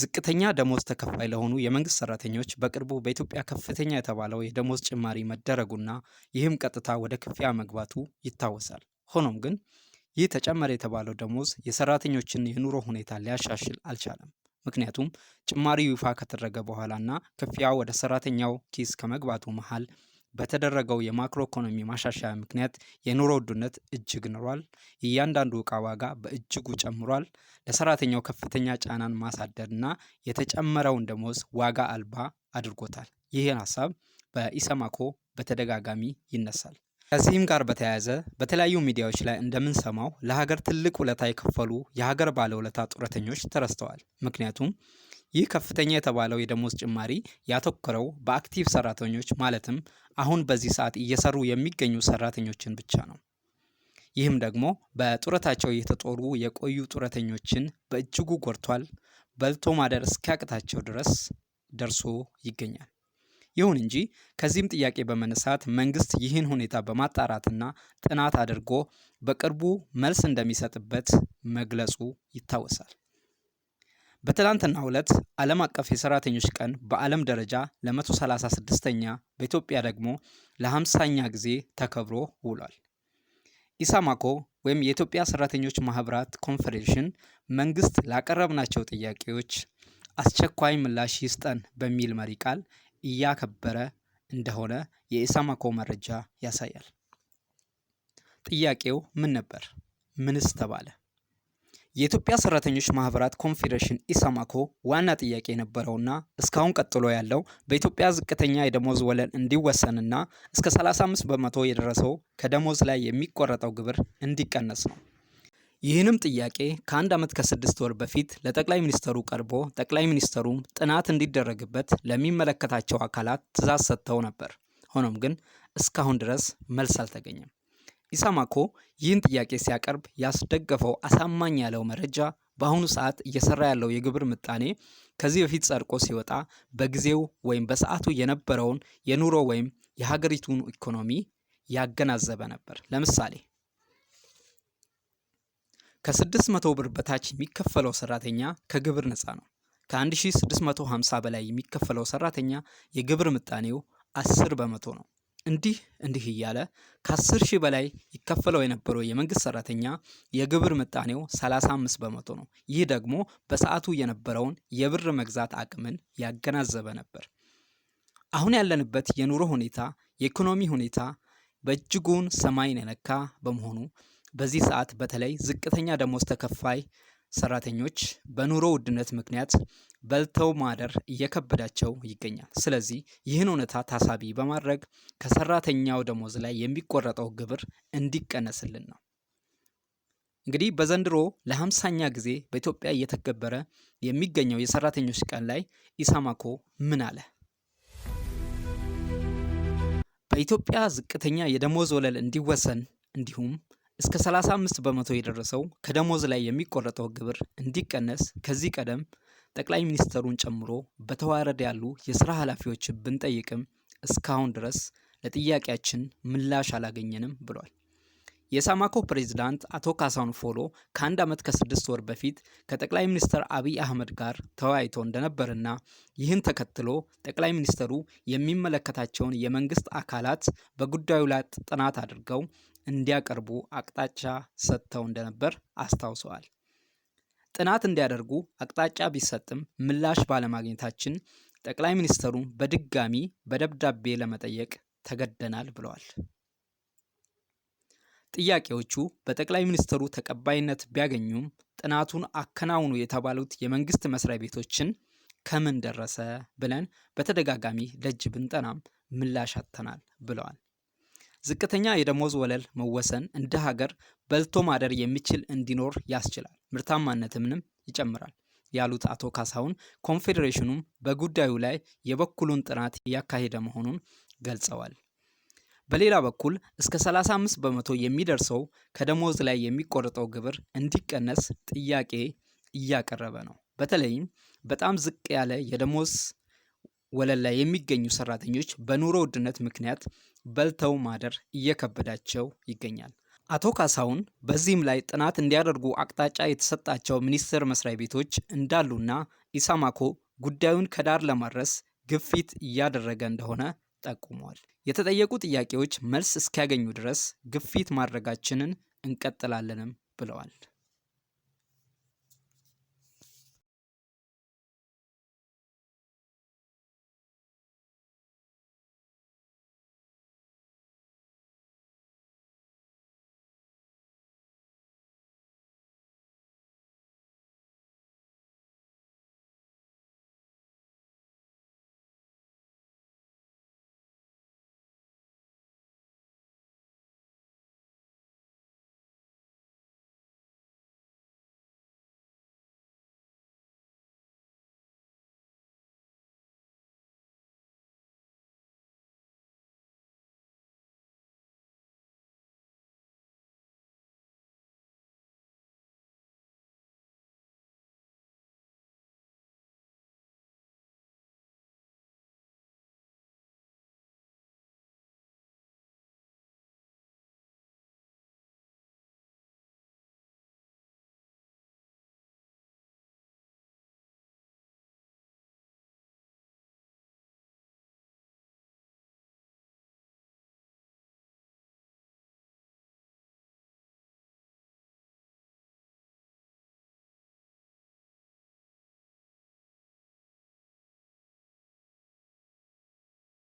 ዝቅተኛ ደሞዝ ተከፋይ ለሆኑ የመንግስት ሰራተኞች በቅርቡ በኢትዮጵያ ከፍተኛ የተባለው የደሞዝ ጭማሪ መደረጉና ይህም ቀጥታ ወደ ክፍያ መግባቱ ይታወሳል። ሆኖም ግን ይህ ተጨመረ የተባለው ደሞዝ የሰራተኞችን የኑሮ ሁኔታ ሊያሻሽል አልቻለም። ምክንያቱም ጭማሪው ይፋ ከተደረገ በኋላና ክፍያ ወደ ሰራተኛው ኪስ ከመግባቱ መሃል በተደረገው የማክሮ ኢኮኖሚ ማሻሻያ ምክንያት የኑሮ ውድነት እጅግ ንሯል። እያንዳንዱ እቃ ዋጋ በእጅጉ ጨምሯል። ለሰራተኛው ከፍተኛ ጫናን ማሳደርና የተጨመረውን ደሞዝ ዋጋ አልባ አድርጎታል። ይህን ሀሳብ በኢሰማኮ በተደጋጋሚ ይነሳል። ከዚህም ጋር በተያያዘ በተለያዩ ሚዲያዎች ላይ እንደምንሰማው ለሀገር ትልቅ ውለታ የከፈሉ የሀገር ባለውለታ ጡረተኞች ተረስተዋል። ምክንያቱም ይህ ከፍተኛ የተባለው የደሞዝ ጭማሪ ያተኮረው በአክቲቭ ሰራተኞች ማለትም አሁን በዚህ ሰዓት እየሰሩ የሚገኙ ሰራተኞችን ብቻ ነው። ይህም ደግሞ በጡረታቸው የተጦሩ የቆዩ ጡረተኞችን በእጅጉ ጎድቷል። በልቶ ማደር እስኪያቅታቸው ድረስ ደርሶ ይገኛል። ይሁን እንጂ ከዚህም ጥያቄ በመነሳት መንግስት ይህን ሁኔታ በማጣራትና ጥናት አድርጎ በቅርቡ መልስ እንደሚሰጥበት መግለጹ ይታወሳል። በትላንትናው ዕለት ዓለም አቀፍ የሰራተኞች ቀን በዓለም ደረጃ ለ136ኛ በኢትዮጵያ ደግሞ ለ50ኛ ጊዜ ተከብሮ ውሏል። ኢሳማኮ ወይም የኢትዮጵያ ሰራተኞች ማህበራት ኮንፌዴሬሽን መንግስት ላቀረብናቸው ጥያቄዎች አስቸኳይ ምላሽ ይስጠን በሚል መሪ ቃል እያከበረ እንደሆነ የኢሳማኮ መረጃ ያሳያል። ጥያቄው ምን ነበር? ምንስ ተባለ? የኢትዮጵያ ሰራተኞች ማህበራት ኮንፌዴሬሽን ኢሰማኮ ዋና ጥያቄ የነበረውና እስካሁን ቀጥሎ ያለው በኢትዮጵያ ዝቅተኛ የደሞዝ ወለል እንዲወሰንና እስከ 35 በመቶ የደረሰው ከደሞዝ ላይ የሚቆረጠው ግብር እንዲቀነስ ነው። ይህንም ጥያቄ ከአንድ ዓመት ከስድስት ወር በፊት ለጠቅላይ ሚኒስተሩ ቀርቦ ጠቅላይ ሚኒስተሩም ጥናት እንዲደረግበት ለሚመለከታቸው አካላት ትዕዛዝ ሰጥተው ነበር። ሆኖም ግን እስካሁን ድረስ መልስ አልተገኘም። ኢሰማኮ ይህን ጥያቄ ሲያቀርብ ያስደገፈው አሳማኝ ያለው መረጃ በአሁኑ ሰዓት እየሰራ ያለው የግብር ምጣኔ ከዚህ በፊት ጸድቆ ሲወጣ በጊዜው ወይም በሰዓቱ የነበረውን የኑሮ ወይም የሀገሪቱን ኢኮኖሚ ያገናዘበ ነበር። ለምሳሌ ከ600 ብር በታች የሚከፈለው ሰራተኛ ከግብር ነፃ ነው። ከ1650 በላይ የሚከፈለው ሰራተኛ የግብር ምጣኔው 10 በመቶ ነው። እንዲህ እንዲህ እያለ ከ10 ሺህ በላይ ይከፈለው የነበረው የመንግስት ሰራተኛ የግብር ምጣኔው 35 በመቶ ነው። ይህ ደግሞ በሰዓቱ የነበረውን የብር መግዛት አቅምን ያገናዘበ ነበር። አሁን ያለንበት የኑሮ ሁኔታ፣ የኢኮኖሚ ሁኔታ በእጅጉን ሰማይን የነካ በመሆኑ በዚህ ሰዓት በተለይ ዝቅተኛ ደሞዝ ተከፋይ ሰራተኞች በኑሮ ውድነት ምክንያት በልተው ማደር እየከበዳቸው ይገኛል። ስለዚህ ይህን እውነታ ታሳቢ በማድረግ ከሰራተኛው ደሞዝ ላይ የሚቆረጠው ግብር እንዲቀነስልን ነው። እንግዲህ በዘንድሮ ለሀምሳኛ ጊዜ በኢትዮጵያ እየተከበረ የሚገኘው የሰራተኞች ቀን ላይ ኢሰማኮ ምን አለ? በኢትዮጵያ ዝቅተኛ የደሞዝ ወለል እንዲወሰን እንዲሁም እስከ 35 በመቶ የደረሰው ከደሞዝ ላይ የሚቆረጠው ግብር እንዲቀነስ ከዚህ ቀደም ጠቅላይ ሚኒስትሩን ጨምሮ በተዋረድ ያሉ የስራ ኃላፊዎች ብንጠይቅም እስካሁን ድረስ ለጥያቄያችን ምላሽ አላገኘንም ብሏል። የሳማኮ ፕሬዚዳንት አቶ ካሳሁን ፎሎ ከአንድ ዓመት ከስድስት ወር በፊት ከጠቅላይ ሚኒስትር አብይ አህመድ ጋር ተወያይቶ እንደነበርና ይህን ተከትሎ ጠቅላይ ሚኒስትሩ የሚመለከታቸውን የመንግስት አካላት በጉዳዩ ላይ ጥናት አድርገው እንዲያቀርቡ አቅጣጫ ሰጥተው እንደነበር አስታውሰዋል። ጥናት እንዲያደርጉ አቅጣጫ ቢሰጥም ምላሽ ባለማግኘታችን ጠቅላይ ሚኒስትሩ በድጋሚ በደብዳቤ ለመጠየቅ ተገደናል ብለዋል። ጥያቄዎቹ በጠቅላይ ሚኒስትሩ ተቀባይነት ቢያገኙም ጥናቱን አከናውኑ የተባሉት የመንግስት መስሪያ ቤቶችን ከምን ደረሰ ብለን በተደጋጋሚ ደጅ ብንጠናም ምላሽ አጥተናል ብለዋል። ዝቅተኛ የደሞዝ ወለል መወሰን እንደ ሀገር በልቶ ማደር የሚችል እንዲኖር ያስችላል፣ ምርታማነትንም ይጨምራል ያሉት አቶ ካሳሁን ኮንፌዴሬሽኑም በጉዳዩ ላይ የበኩሉን ጥናት እያካሄደ መሆኑን ገልጸዋል። በሌላ በኩል እስከ 35 በመቶ የሚደርሰው ከደሞዝ ላይ የሚቆርጠው ግብር እንዲቀነስ ጥያቄ እያቀረበ ነው። በተለይም በጣም ዝቅ ያለ የደሞዝ ወለል ላይ የሚገኙ ሰራተኞች በኑሮ ውድነት ምክንያት በልተው ማደር እየከበዳቸው ይገኛል። አቶ ካሳሁን በዚህም ላይ ጥናት እንዲያደርጉ አቅጣጫ የተሰጣቸው ሚኒስቴር መስሪያ ቤቶች እንዳሉና ኢሳማኮ ጉዳዩን ከዳር ለማድረስ ግፊት እያደረገ እንደሆነ ጠቁመዋል። የተጠየቁ ጥያቄዎች መልስ እስኪያገኙ ድረስ ግፊት ማድረጋችንን እንቀጥላለንም ብለዋል።